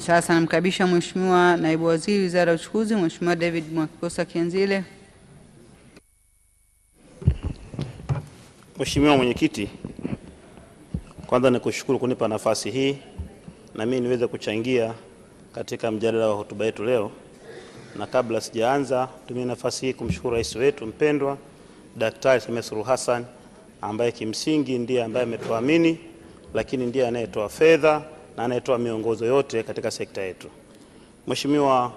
Sasa namkaribisha Mheshimiwa Naibu Waziri Wizara ya Uchukuzi, Mheshimiwa David Mwakiposa Kianzile. Mheshimiwa Mwenyekiti, kwanza nikushukuru kunipa nafasi hii na mimi niweze kuchangia katika mjadala wa hotuba yetu leo, na kabla sijaanza, tumie nafasi hii kumshukuru rais wetu mpendwa Daktari Samia Suluhu Hassan ambaye kimsingi ndiye ambaye ametuamini, lakini ndiye anayetoa fedha na anayetoa miongozo yote katika sekta yetu. Mheshimiwa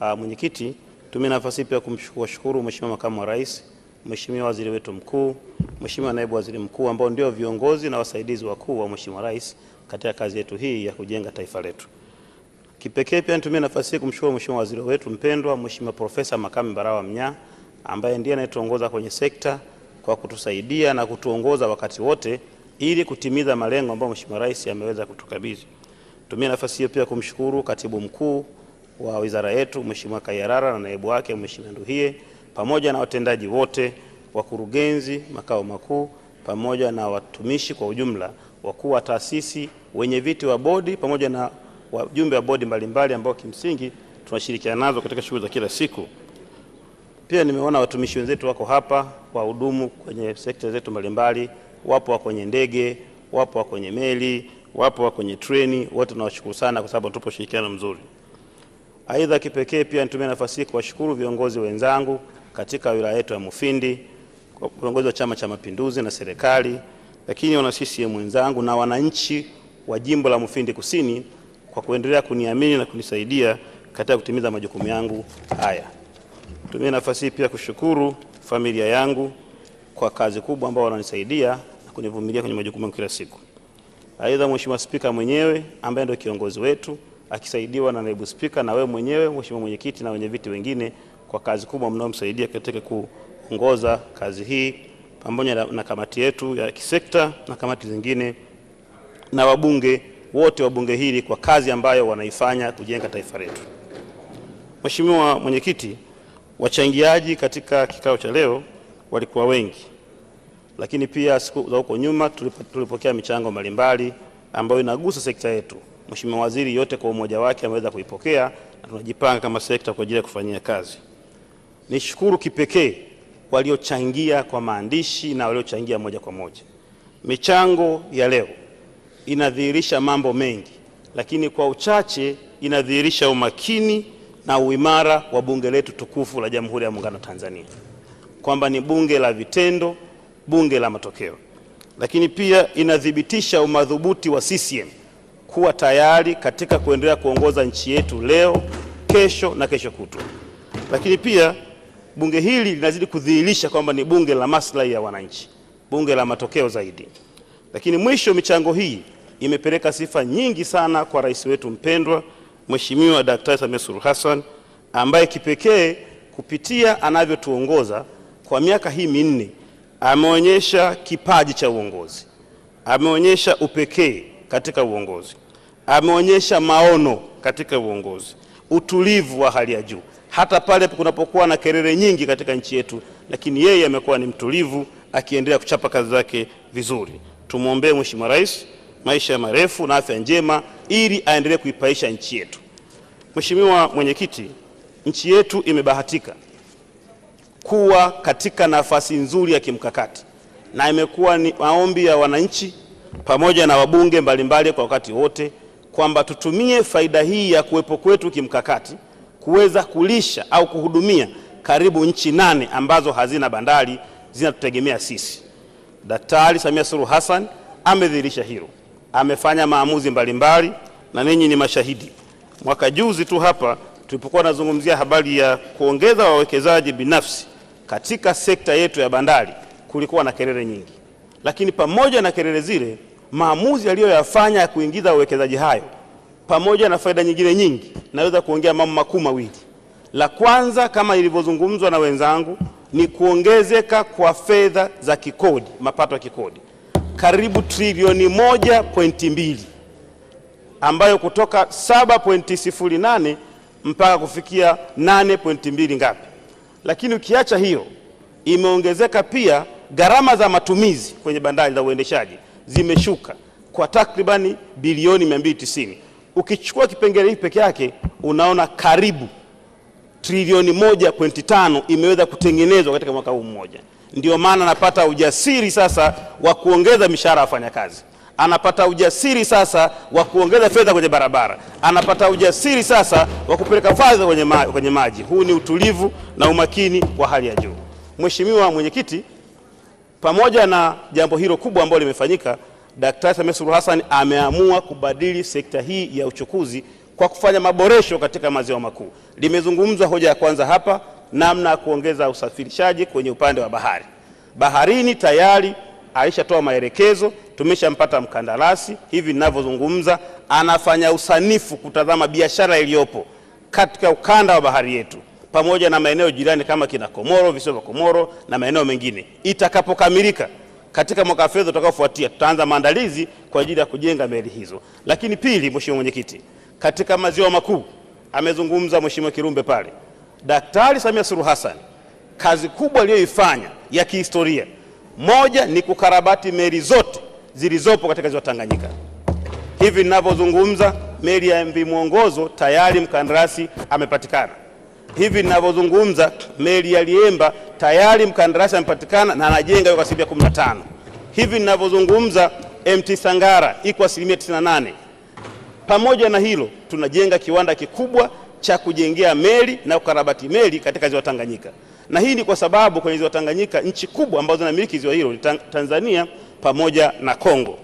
uh, Mwenyekiti, tumie nafasi pia kumshukuru Mheshimiwa Makamu wa Rais, Mheshimiwa Waziri wetu mkuu, Mheshimiwa Naibu Waziri Mkuu ambao ndio viongozi na wasaidizi wakuu wa Mheshimiwa Rais katika kazi yetu hii ya kujenga taifa letu. Kipekee pia nitumie nafasi hii kumshukuru Mheshimiwa Waziri wetu mpendwa Mheshimiwa Profesa Makame Mbarawa Mnyaa ambaye ndiye anayetuongoza kwenye sekta kwa kutusaidia na kutuongoza wakati wote ili kutimiza malengo ambayo Mheshimiwa Rais ameweza kutukabidhi. Tumia nafasi hiyo pia kumshukuru katibu mkuu wa wizara yetu Mheshimiwa Kayarara na naibu wake Mheshimiwa Nduhie pamoja na watendaji wote, wakurugenzi makao makuu, pamoja na watumishi kwa ujumla, wakuu wa taasisi, wenye viti wa bodi, pamoja na wajumbe wa bodi mbalimbali ambao kimsingi tunashirikiana nazo katika shughuli za kila siku. Pia nimeona watumishi wenzetu wako hapa, wahudumu kwenye sekta zetu mbalimbali, wapo wa kwenye ndege, wapo wa kwenye meli wapo kwenye treni wote, tunawashukuru sana kwa sababu tupo shirikiano mzuri. Aidha, kipekee pia nitumie nafasi hii kuwashukuru viongozi wenzangu katika wilaya yetu ya Mufindi, viongozi wa Chama cha Mapinduzi na serikali, lakini wana CCM wenzangu na wananchi wa jimbo la Mufindi Kusini kwa kuendelea kuniamini na kunisaidia katika kutimiza majukumu yangu haya. Nitumie nafasi hii pia kushukuru familia yangu kwa kazi kubwa ambao wananisaidia na kunivumilia kwenye majukumu yangu kila siku. Aidha, Mheshimiwa Spika mwenyewe ambaye ndio kiongozi wetu akisaidiwa na naibu spika na wewe mwenyewe Mheshimiwa mwenyekiti na wenye viti wengine kwa kazi kubwa mnaomsaidia katika kuongoza kazi hii pamoja na, na kamati yetu ya kisekta na kamati zingine na wabunge wote wa bunge hili kwa kazi ambayo wanaifanya kujenga taifa letu. Mheshimiwa mwenyekiti, wachangiaji katika kikao cha leo walikuwa wengi lakini pia siku za huko nyuma tulipokea michango mbalimbali ambayo inagusa sekta yetu. Mheshimiwa Waziri yote kwa umoja wake ameweza kuipokea na tunajipanga kama sekta kwa ajili ya kufanyia kazi. Nishukuru kipekee waliochangia kwa maandishi na waliochangia moja kwa moja. Michango ya leo inadhihirisha mambo mengi, lakini kwa uchache inadhihirisha umakini na uimara wa bunge letu tukufu la Jamhuri ya Muungano wa Tanzania, kwamba ni bunge la vitendo bunge la matokeo, lakini pia inathibitisha umadhubuti wa CCM kuwa tayari katika kuendelea kuongoza nchi yetu leo, kesho na kesho kutwa. Lakini pia bunge hili linazidi kudhihirisha kwamba ni bunge la maslahi ya wananchi, bunge la matokeo zaidi. Lakini mwisho, michango hii imepeleka sifa nyingi sana kwa rais wetu mpendwa Mheshimiwa Daktari Samia Suluhu Hassan ambaye kipekee kupitia anavyotuongoza kwa miaka hii minne ameonyesha kipaji cha uongozi, ameonyesha upekee katika uongozi, ameonyesha maono katika uongozi, utulivu wa hali ya juu hata pale kunapokuwa na kelele nyingi katika nchi yetu, lakini yeye amekuwa ni mtulivu, akiendelea kuchapa kazi zake vizuri. Tumwombee Mheshimiwa Rais maisha marefu na afya njema, ili aendelee kuipaisha nchi yetu. Mheshimiwa Mwenyekiti, nchi yetu imebahatika kuwa katika nafasi nzuri ya kimkakati na imekuwa ni maombi ya wananchi pamoja na wabunge mbalimbali kwa wakati wote kwamba tutumie faida hii ya kuwepo kwetu kimkakati kuweza kulisha au kuhudumia karibu nchi nane ambazo hazina bandari zinatutegemea sisi. Daktari Samia Suluhu Hassan amedhihirisha hilo, amefanya maamuzi mbalimbali mbali, na ninyi ni mashahidi. Mwaka juzi tu hapa tulipokuwa nazungumzia habari ya kuongeza wawekezaji binafsi katika sekta yetu ya bandari kulikuwa na kelele nyingi, lakini pamoja na kelele zile, maamuzi aliyoyafanya ya kuingiza uwekezaji hayo pamoja na faida nyingine nyingi, naweza kuongea mambo makuu mawili. La kwanza, kama ilivyozungumzwa na wenzangu, ni kuongezeka kwa fedha za kikodi, mapato ya kikodi karibu trilioni moja pointi mbili ambayo kutoka 7.08 mpaka kufikia 8.2 ngapi lakini ukiacha hiyo, imeongezeka pia gharama za matumizi kwenye bandari za uendeshaji zimeshuka kwa takribani bilioni 290. Ukichukua kipengele hiki peke yake, unaona karibu trilioni 1.5 imeweza kutengenezwa katika mwaka huu mmoja. Ndio maana napata ujasiri sasa wa kuongeza mishahara ya wafanyakazi anapata ujasiri sasa wa kuongeza fedha kwenye barabara, anapata ujasiri sasa wa kupeleka fedha kwenye, ma kwenye maji. Huu ni utulivu na umakini wa hali ya juu. Mheshimiwa Mwenyekiti, pamoja na jambo hilo kubwa ambalo limefanyika, Daktari Samia Suluhu Hassan ameamua kubadili sekta hii ya uchukuzi kwa kufanya maboresho katika maziwa makuu. Limezungumzwa hoja ya kwanza hapa, namna ya kuongeza usafirishaji kwenye upande wa bahari. Baharini tayari alishatoa maelekezo, tumeshampata mkandarasi. Hivi ninavyozungumza, anafanya usanifu kutazama biashara iliyopo katika ukanda wa bahari yetu pamoja na maeneo jirani kama kina Komoro, visiwa vya Komoro na maeneo mengine. Itakapokamilika katika mwaka wa fedha utakaofuatia, tutaanza maandalizi kwa ajili ya kujenga meli hizo. Lakini pili, Mheshimiwa Mwenyekiti, katika maziwa makuu amezungumza Mheshimiwa Kirumbe pale, Daktari Samia Suluhu Hassan kazi kubwa aliyoifanya ya kihistoria moja ni kukarabati meli zote zilizopo katika ziwa Tanganyika. Hivi ninavyozungumza, meli ya MV Mwongozo tayari mkandarasi amepatikana. Hivi ninavyozungumza, meli ya Liemba tayari mkandarasi amepatikana na anajenga kwa asilimia 15. Hivi ninavyozungumza, MT Sangara iko asilimia 98. Pamoja na hilo, tunajenga kiwanda kikubwa cha kujengea meli na kukarabati meli katika ziwa Tanganyika, na hii ni kwa sababu kwenye ziwa Tanganyika nchi kubwa ambazo zinamiliki ziwa hilo ni Tanzania pamoja na Kongo.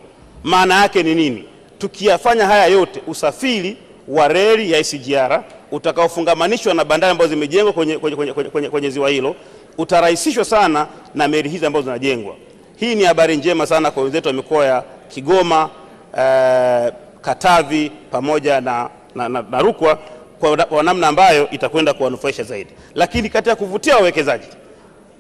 Maana yake ni nini? Tukiyafanya haya yote, usafiri wa reli ya SGR utakaofungamanishwa na bandari ambazo zimejengwa kwenye, kwenye, kwenye, kwenye, kwenye, kwenye ziwa hilo utarahisishwa sana na meli hizi ambazo zinajengwa. Hii ni habari njema sana kwa wenzetu wa mikoa ya Kigoma eh, Katavi pamoja na, na, na, na Rukwa kwa namna ambayo itakwenda kuwanufaisha zaidi. Lakini kati ya kuvutia wawekezaji,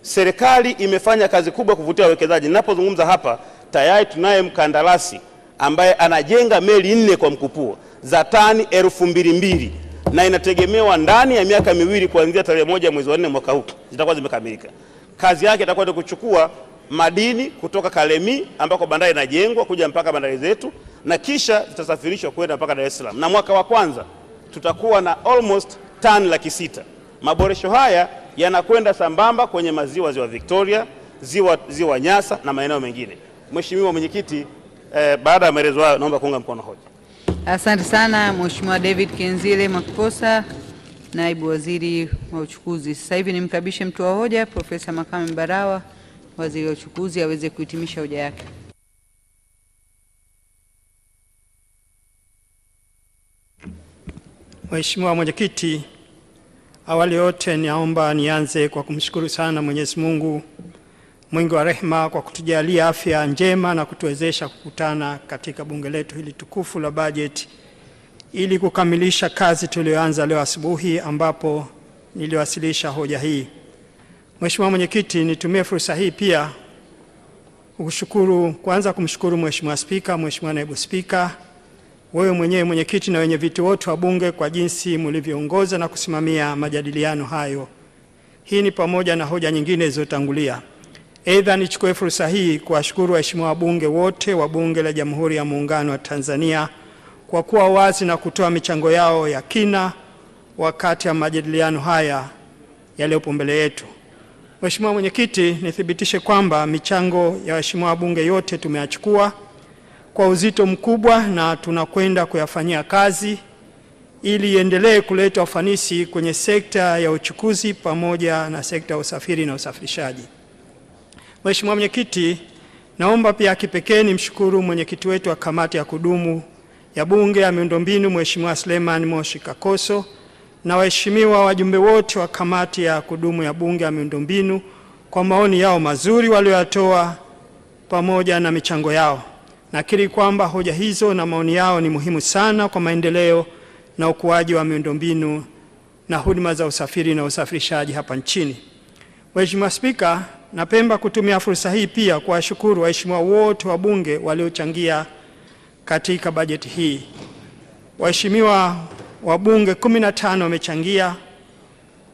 serikali imefanya kazi kubwa kuvutia wawekezaji. Ninapozungumza hapa, tayari tunaye mkandarasi ambaye anajenga meli nne kwa mkupuo za tani elfu mbili mbili na inategemewa ndani ya miaka miwili kuanzia tarehe moja mwezi wa nne mwaka huu zitakuwa zimekamilika. Kazi yake itakuwa ni kuchukua madini kutoka Kalemi ambako bandari inajengwa kuja mpaka bandari zetu na kisha zitasafirishwa kwenda mpaka Dar es Salaam, na mwaka wa kwanza tutakuwa na almost tani laki sita. Maboresho haya yanakwenda sambamba kwenye maziwa, ziwa Victoria, ziwa, ziwa Nyasa na maeneo mengine. Mheshimiwa Mwenyekiti, eh, baada ya maelezo hayo naomba kuunga mkono hoja. Asante sana Mheshimiwa David Kenzile Makosa, naibu waziri wa uchukuzi. Sasa hivi nimkabishe mtu wa hoja Profesa Makame Mbarawa, waziri wa uchukuzi, aweze kuhitimisha hoja yake. Mheshimiwa Mwenyekiti, awali yote naomba nianze kwa kumshukuru sana Mwenyezi Mungu mwingi wa rehema kwa kutujalia afya njema na kutuwezesha kukutana katika bunge letu hili tukufu la bajeti ili kukamilisha kazi tuliyoanza leo asubuhi ambapo niliwasilisha hoja hii. Mheshimiwa Mwenyekiti, nitumie fursa hii pia kushukuru kwanza kumshukuru Mheshimiwa Spika, Mheshimiwa Naibu Spika wewe mwenyewe mwenyekiti na wenye viti wote wa Bunge kwa jinsi mlivyoongoza na kusimamia majadiliano hayo. Hii ni pamoja na hoja nyingine zilizotangulia. Aidha, nichukue fursa hii kuwashukuru waheshimiwa wabunge wote wa Bunge la Jamhuri ya Muungano wa Tanzania kwa kuwa wazi na kutoa michango yao ya kina wakati ya majadiliano haya yaliyopo mbele yetu. Mheshimiwa Mwenyekiti, nithibitishe kwamba michango ya waheshimiwa wabunge yote tumeyachukua kwa uzito mkubwa na tunakwenda kuyafanyia kazi ili iendelee kuleta ufanisi kwenye sekta ya uchukuzi pamoja na sekta ya usafiri na usafirishaji. Mheshimiwa Mwenyekiti, naomba pia kipekee nimshukuru mwenyekiti wetu wa kamati ya kudumu ya Bunge ya miundombinu Mheshimiwa Suleiman Moshi Kakoso na waheshimiwa wajumbe wote wa kamati ya kudumu ya Bunge ya miundombinu kwa maoni yao mazuri walioyatoa pamoja na michango yao. Nakiri kwamba hoja hizo na maoni yao ni muhimu sana kwa maendeleo na ukuaji wa miundombinu na huduma za usafiri na usafirishaji hapa nchini. Mheshimiwa Spika, napenda kutumia fursa hii pia kuwashukuru waheshimiwa wote wabunge waliochangia katika bajeti hii. Waheshimiwa wabunge 15 wamechangia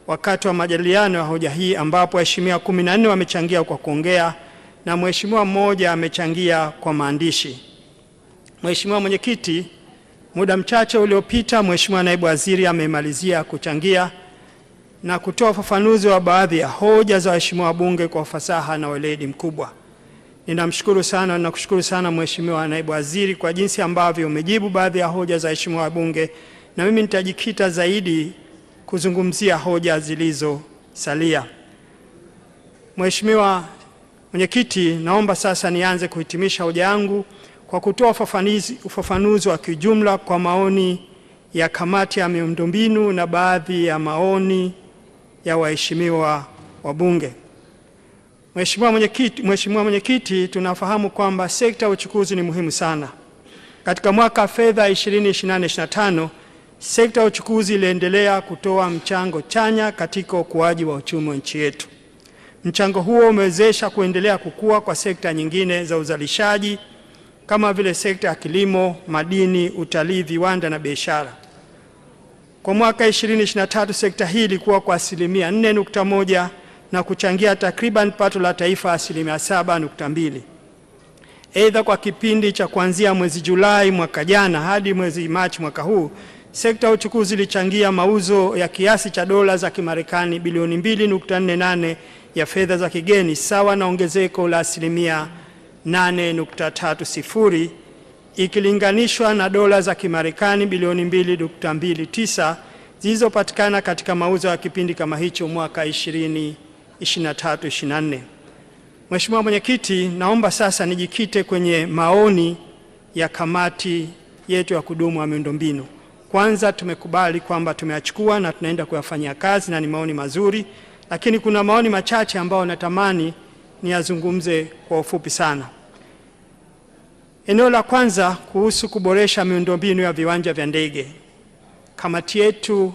wakati wa majadiliano ya hoja hii, ambapo waheshimiwa 14 wamechangia kwa kuongea na mheshimiwa mmoja amechangia kwa maandishi. Mheshimiwa Mwenyekiti, muda mchache uliopita Mheshimiwa Naibu Waziri amemalizia kuchangia na kutoa ufafanuzi wa baadhi ya hoja za waheshimiwa wabunge kwa ufasaha na weledi mkubwa. Ninamshukuru sana, nakushukuru sana Mheshimiwa Naibu Waziri kwa jinsi ambavyo umejibu baadhi ya hoja za waheshimiwa wabunge, na mimi nitajikita zaidi kuzungumzia hoja zilizosalia. Mheshimiwa Mwenyekiti, naomba sasa nianze kuhitimisha hoja yangu kwa kutoa ufafanuzi wa kijumla kwa maoni ya kamati ya miundombinu na baadhi ya maoni ya waheshimiwa wabunge. Mheshimiwa Mwenyekiti, Mheshimiwa Mwenyekiti, tunafahamu kwamba sekta ya uchukuzi ni muhimu sana. Katika mwaka fedha 2024/25 sekta ya uchukuzi iliendelea kutoa mchango chanya katika ukuaji wa uchumi wa nchi yetu. Mchango huo umewezesha kuendelea kukua kwa sekta nyingine za uzalishaji kama vile sekta ya kilimo, madini, utalii, viwanda na biashara. Kwa mwaka 2023 sekta hii ilikuwa kwa asilimia 4.1 na kuchangia takriban pato la taifa asilimia 7.2. Aidha, kwa kipindi cha kuanzia mwezi Julai mwaka jana hadi mwezi Machi mwaka huu sekta ya uchukuzi ilichangia mauzo ya kiasi cha dola za Kimarekani bilioni 2.48 ya fedha za kigeni sawa na ongezeko la asilimia 8.30 ikilinganishwa na dola za Kimarekani bilioni 2.29 zilizopatikana katika mauzo ya kipindi kama hicho mwaka 2023 24. Mheshimiwa Mwenyekiti, naomba sasa nijikite kwenye maoni ya kamati yetu ya kudumu ya miundombinu. Kwanza, tumekubali kwamba tumeyachukua na tunaenda kuyafanyia kazi na ni maoni mazuri lakini kuna maoni machache ambayo natamani niyazungumze kwa ufupi sana. Eneo la kwanza kuhusu kuboresha miundombinu ya viwanja vya ndege. Kamati yetu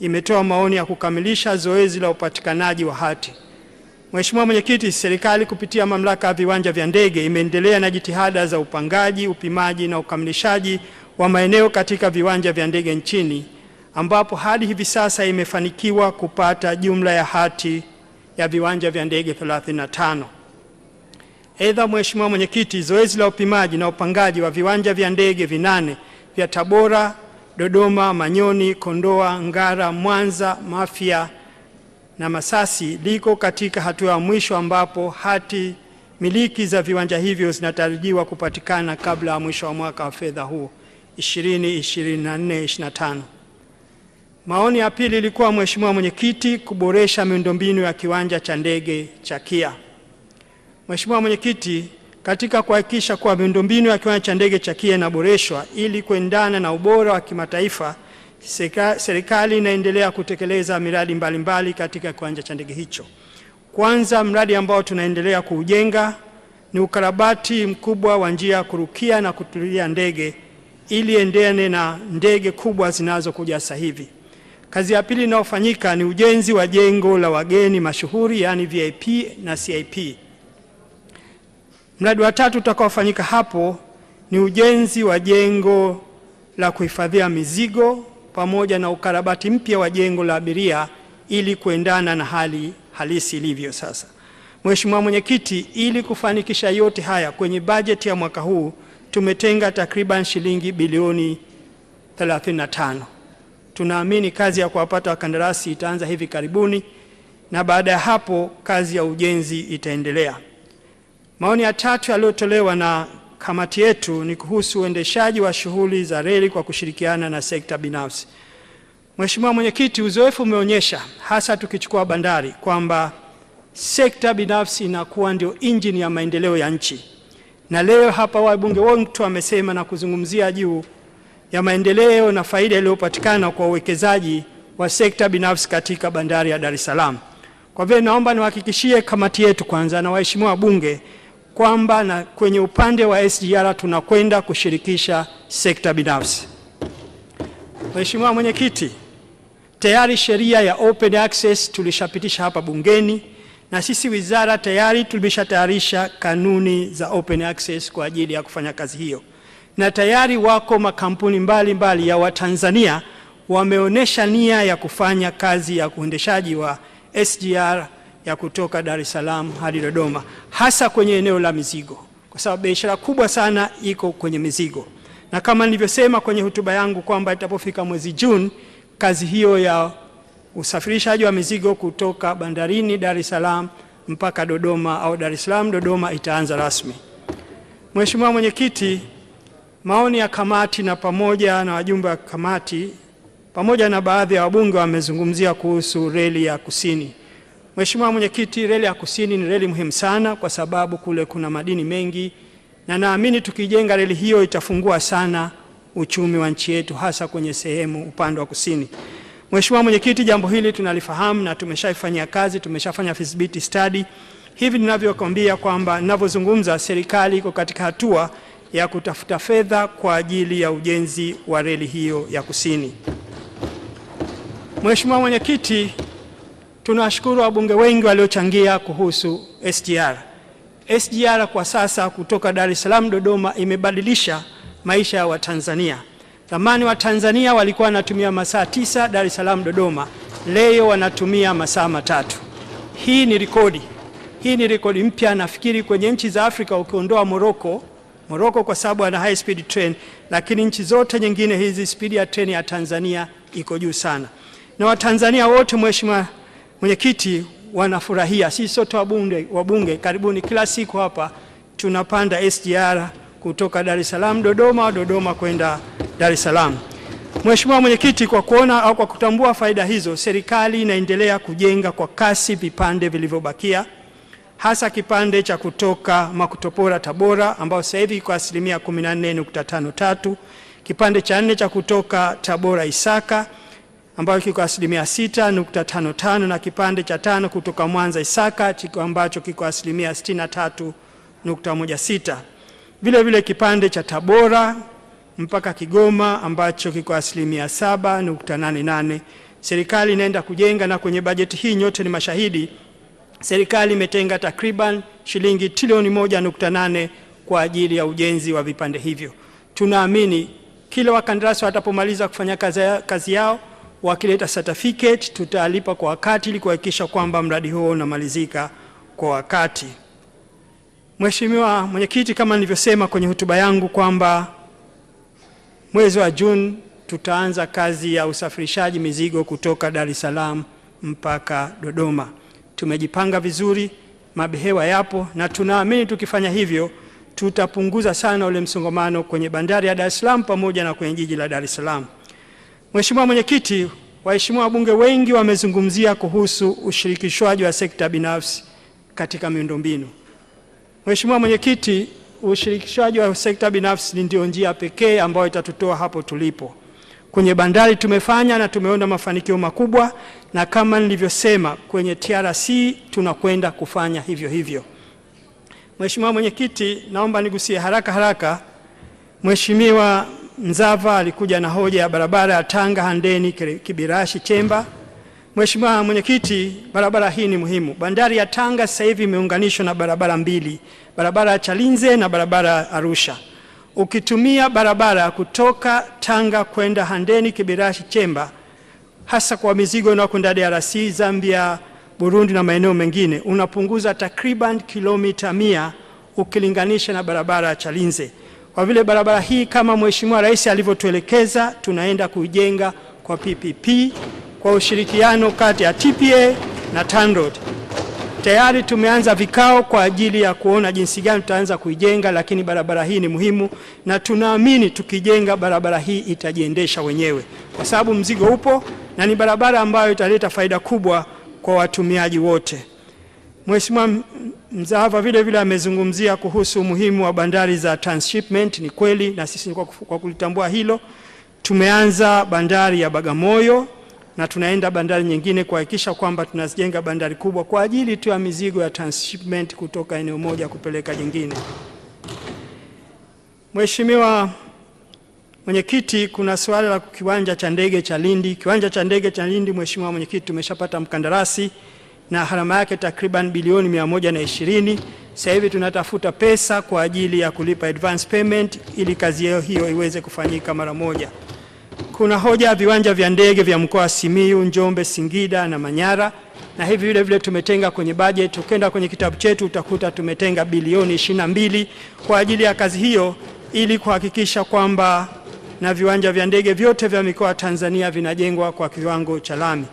imetoa maoni ya kukamilisha zoezi la upatikanaji wa hati. Mheshimiwa Mwenyekiti, serikali kupitia mamlaka ya viwanja vya ndege imeendelea na jitihada za upangaji, upimaji na ukamilishaji wa maeneo katika viwanja vya ndege nchini ambapo hadi hivi sasa imefanikiwa kupata jumla ya hati ya viwanja vya ndege 35. Aidha, Mheshimiwa Mwenyekiti, zoezi la upimaji na upangaji wa viwanja vya ndege vinane vya Tabora, Dodoma, Manyoni, Kondoa, Ngara, Mwanza, Mafia na Masasi liko katika hatua ya mwisho ambapo hati miliki za viwanja hivyo zinatarajiwa kupatikana kabla ya mwisho wa mwaka wa fedha huu 2024/25. Maoni ya pili ilikuwa Mheshimiwa Mwenyekiti, kuboresha miundombinu ya kiwanja cha ndege cha KIA. Mheshimiwa Mwenyekiti, katika kuhakikisha kuwa miundombinu ya kiwanja cha ndege cha KIA inaboreshwa ili kuendana na ubora wa kimataifa, serikali inaendelea kutekeleza miradi mbalimbali mbali katika kiwanja cha ndege hicho. Kwanza, mradi ambao tunaendelea kuujenga ni ukarabati mkubwa wa njia ya kurukia na kutulia ndege ili endene na ndege kubwa zinazokuja sasa hivi. Kazi ya pili inayofanyika ni ujenzi wa jengo la wageni mashuhuri yaani VIP na CIP. Mradi wa tatu utakaofanyika hapo ni ujenzi wa jengo la kuhifadhia mizigo pamoja na ukarabati mpya wa jengo la abiria ili kuendana na hali halisi ilivyo sasa. Mheshimiwa Mwenyekiti, ili kufanikisha yote haya kwenye bajeti ya mwaka huu tumetenga takriban shilingi bilioni 35. Tunaamini kazi ya kuwapata wakandarasi itaanza hivi karibuni na baada ya hapo kazi ya ujenzi itaendelea. Maoni ya tatu yaliyotolewa na kamati yetu ni kuhusu uendeshaji wa shughuli za reli kwa kushirikiana na sekta binafsi. Mheshimiwa Mwenyekiti, uzoefu umeonyesha hasa tukichukua bandari kwamba sekta binafsi inakuwa ndio injini ya maendeleo ya nchi, na leo hapa wabunge wote wamesema na kuzungumzia juu ya maendeleo na faida iliyopatikana kwa uwekezaji wa sekta binafsi katika bandari ya Dar es Salaam. Kwa vile naomba niwahakikishie kamati yetu kwanza na waheshimiwa wabunge kwamba na kwenye upande wa SGR tunakwenda kushirikisha sekta binafsi. Mheshimiwa Mwenyekiti, tayari sheria ya open access tulishapitisha hapa bungeni na sisi wizara tayari tumeshatayarisha kanuni za open access kwa ajili ya kufanya kazi hiyo na tayari wako makampuni mbalimbali mbali ya Watanzania wameonyesha nia ya kufanya kazi ya uendeshaji wa SGR ya kutoka Dar es Salaam hadi Dodoma, hasa kwenye eneo la mizigo, kwa sababu biashara kubwa sana iko kwenye mizigo, na kama nilivyosema kwenye hotuba yangu kwamba itapofika mwezi Juni, kazi hiyo ya usafirishaji wa mizigo kutoka bandarini Dar es Salaam mpaka Dodoma au Dar es Salaam Dodoma itaanza rasmi. Mheshimiwa Mwenyekiti, Maoni ya kamati na pamoja na wajumbe wa kamati pamoja na baadhi ya wabunge wamezungumzia kuhusu reli ya kusini. Mheshimiwa Mwenyekiti, reli ya kusini ni reli muhimu sana kwa sababu kule kuna madini mengi, na naamini tukijenga reli hiyo itafungua sana uchumi wa nchi yetu, hasa kwenye sehemu upande wa kusini. Mheshimiwa Mwenyekiti, jambo hili tunalifahamu na tumeshaifanyia kazi, tumeshafanya feasibility study. Hivi ninavyokwambia kwamba ninavyozungumza, serikali iko katika hatua ya kutafuta fedha kwa ajili ya ujenzi wa reli hiyo ya kusini. Mheshimiwa Mwenyekiti, tunawashukuru wabunge wengi waliochangia kuhusu SGR. SGR kwa sasa kutoka Dar es Salaam Dodoma imebadilisha maisha ya Watanzania. Zamani Watanzania walikuwa wanatumia masaa tisa Dar es Salaam Dodoma, leo wanatumia masaa matatu. Hii ni rekodi, hii ni rekodi mpya. Nafikiri kwenye nchi za Afrika ukiondoa Moroko Morocco kwa sababu ana high speed train, lakini nchi zote nyingine hizi speed ya treni ya Tanzania iko juu sana, na Watanzania wote, Mheshimiwa Mwenyekiti, wanafurahia. Sisi sote wabunge, wabunge karibuni kila siku hapa tunapanda SGR kutoka Dar es Salaam Dodoma, Dodoma kwenda Dar es Salaam. Mheshimiwa Mwenyekiti, kwa kuona au kwa kutambua faida hizo, serikali inaendelea kujenga kwa kasi vipande vilivyobakia hasa kipande cha kutoka Makutopora Tabora, ambao sasa hivi kwa asilimia 14.53, kipande cha nne cha kutoka Tabora Isaka ambayo kiko asilimia 6.55 na kipande cha tano kutoka Mwanza Isaka ambacho kiko asilimia 63.16. Vile vile kipande cha Tabora mpaka Kigoma ambacho kiko asilimia 7.88. Serikali inaenda kujenga na kwenye bajeti hii nyote ni mashahidi serikali imetenga takriban shilingi trilioni moja nukta nane kwa ajili ya ujenzi wa vipande hivyo. Tunaamini kila wakandarasi watapomaliza kufanya kazi yao wakileta certificate tutalipa kwa wakati ili kuhakikisha kwamba mradi huo unamalizika kwa wakati. Mheshimiwa Mwenyekiti, kama nilivyosema kwenye hotuba yangu kwamba mwezi wa Juni tutaanza kazi ya usafirishaji mizigo kutoka Dar es Salaam mpaka Dodoma tumejipanga vizuri, mabehewa yapo, na tunaamini tukifanya hivyo tutapunguza sana ule msongamano kwenye bandari ya Dar es Salaam pamoja na kwenye jiji la Dar es Salaam. Mheshimiwa Mwenyekiti, waheshimiwa wabunge wengi wamezungumzia kuhusu ushirikishwaji wa sekta binafsi katika miundombinu. Mheshimiwa Mwenyekiti, ushirikishwaji wa sekta binafsi ndio njia pekee ambayo itatutoa hapo tulipo. Kwenye bandari tumefanya na tumeona mafanikio makubwa, na kama nilivyosema kwenye TRC tunakwenda kufanya hivyo hivyo. Mheshimiwa Mwenyekiti, naomba nigusie haraka haraka. Mheshimiwa Mzava alikuja na hoja ya barabara ya Tanga Handeni Kibirashi Chemba. Mheshimiwa Mwenyekiti, barabara hii ni muhimu. Bandari ya Tanga sasa hivi imeunganishwa na barabara mbili, barabara ya Chalinze na barabara ya Arusha ukitumia barabara kutoka Tanga kwenda Handeni Kibirashi Chemba, hasa kwa mizigo inayokwenda DRC, Zambia, Burundi na maeneo mengine, unapunguza takriban kilomita mia ukilinganisha na barabara ya Chalinze. Kwa vile barabara hii kama Mheshimiwa Rais alivyotuelekeza, tunaenda kuijenga kwa PPP kwa ushirikiano kati ya TPA na TANROADS. Tayari tumeanza vikao kwa ajili ya kuona jinsi gani tutaanza kuijenga, lakini barabara hii ni muhimu na tunaamini tukijenga barabara hii itajiendesha wenyewe, kwa sababu mzigo upo na ni barabara ambayo italeta faida kubwa kwa watumiaji wote. Mheshimiwa Mzahava vile vile amezungumzia kuhusu umuhimu wa bandari za transshipment. Ni kweli na sisi kwa kulitambua hilo tumeanza bandari ya Bagamoyo na tunaenda bandari nyingine kuhakikisha kwamba tunazijenga bandari kubwa kwa ajili tu ya mizigo ya transshipment kutoka eneo moja kupeleka jingine. Mheshimiwa Mwenyekiti, kuna suala la kiwanja cha ndege cha Lindi. Kiwanja cha ndege cha Lindi, Mheshimiwa Mwenyekiti, tumeshapata mkandarasi na gharama yake takriban bilioni ishirini. Sasa hivi tunatafuta pesa kwa ajili ya kulipa advance payment ili kazi hiyo iweze kufanyika mara moja. Kuna hoja ya viwanja vya ndege vya mkoa wa Simiyu, Njombe, Singida na Manyara, na hivi vile vile tumetenga kwenye bajeti. Ukenda kwenye kitabu chetu utakuta tumetenga bilioni ishirini na mbili kwa ajili ya kazi hiyo, ili kuhakikisha kwamba na viwanja vya ndege vyote vya mikoa Tanzania vinajengwa kwa kiwango cha lami.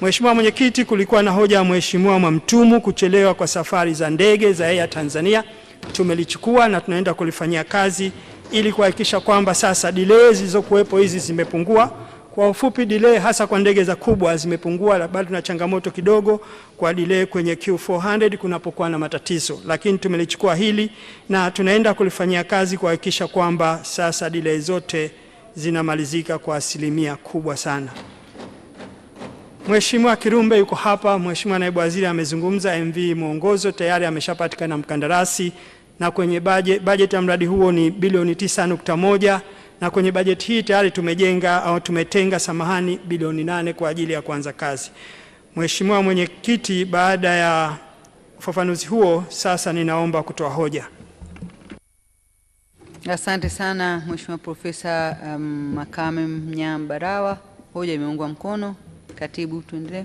Mheshimiwa Mwenyekiti, kulikuwa na hoja ya Mheshimiwa Mwamtumu kuchelewa kwa safari za ndege za Air Tanzania. Tumelichukua na tunaenda kulifanyia kazi ili kuhakikisha kwamba sasa delay zilizokuwepo hizi zimepungua. Kwa ufupi, delay hasa kwa ndege za kubwa zimepungua, bado tuna changamoto kidogo kwa delay kwenye Q400 kunapokuwa na matatizo, lakini tumelichukua hili na tunaenda kulifanyia kazi kuhakikisha kwamba sasa delay zote zinamalizika kwa asilimia kubwa sana. Mheshimiwa Kirumbe yuko hapa, Mheshimiwa Naibu Waziri amezungumza MV Mwongozo tayari ameshapatikana mkandarasi na kwenye bajeti budget ya mradi huo ni bilioni 9.1 na kwenye bajeti hii tayari tumejenga au tumetenga samahani bilioni nane kwa ajili ya kuanza kazi. Mheshimiwa Mwenyekiti, baada ya ufafanuzi huo, sasa ninaomba kutoa hoja. Asante sana Mheshimiwa Profesa um, Makame Mnyambarawa, hoja imeungwa mkono. Katibu, tuendelee.